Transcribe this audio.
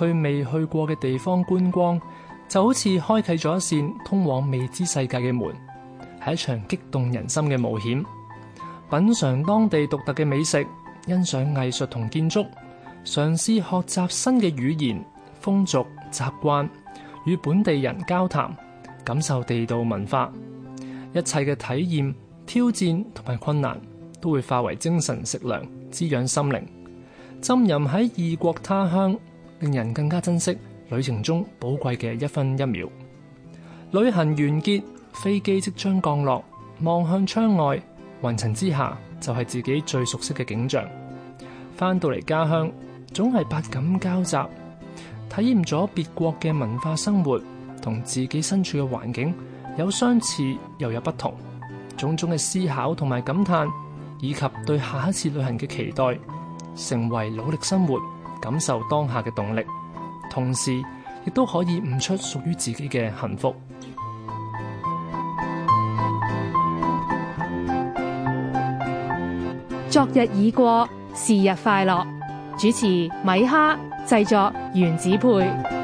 去未去過嘅地方觀光，就好似開啟咗一扇通往未知世界嘅門，係一場激動人心嘅冒險。品嘗當地獨特嘅美食，欣賞藝術同建築，嘗試學習新嘅語言、風俗習慣，與本地人交談，感受地道文化。一切嘅體驗、挑戰同埋困難，都會化為精神食糧，滋養心靈。浸淫喺異國他鄉，令人更加珍惜旅程中寶貴嘅一分一秒。旅行完結，飛機即將降落，望向窗外，雲層之下就係自己最熟悉嘅景象。翻到嚟家鄉，總係百感交集，體驗咗別國嘅文化生活，同自己身處嘅環境有相似又有不同，種種嘅思考同埋感嘆，以及對下一次旅行嘅期待，成為努力生活。感受當下嘅動力，同時亦都可以悟出屬於自己嘅幸福。昨日已過，是日快樂。主持米哈，製作原子配。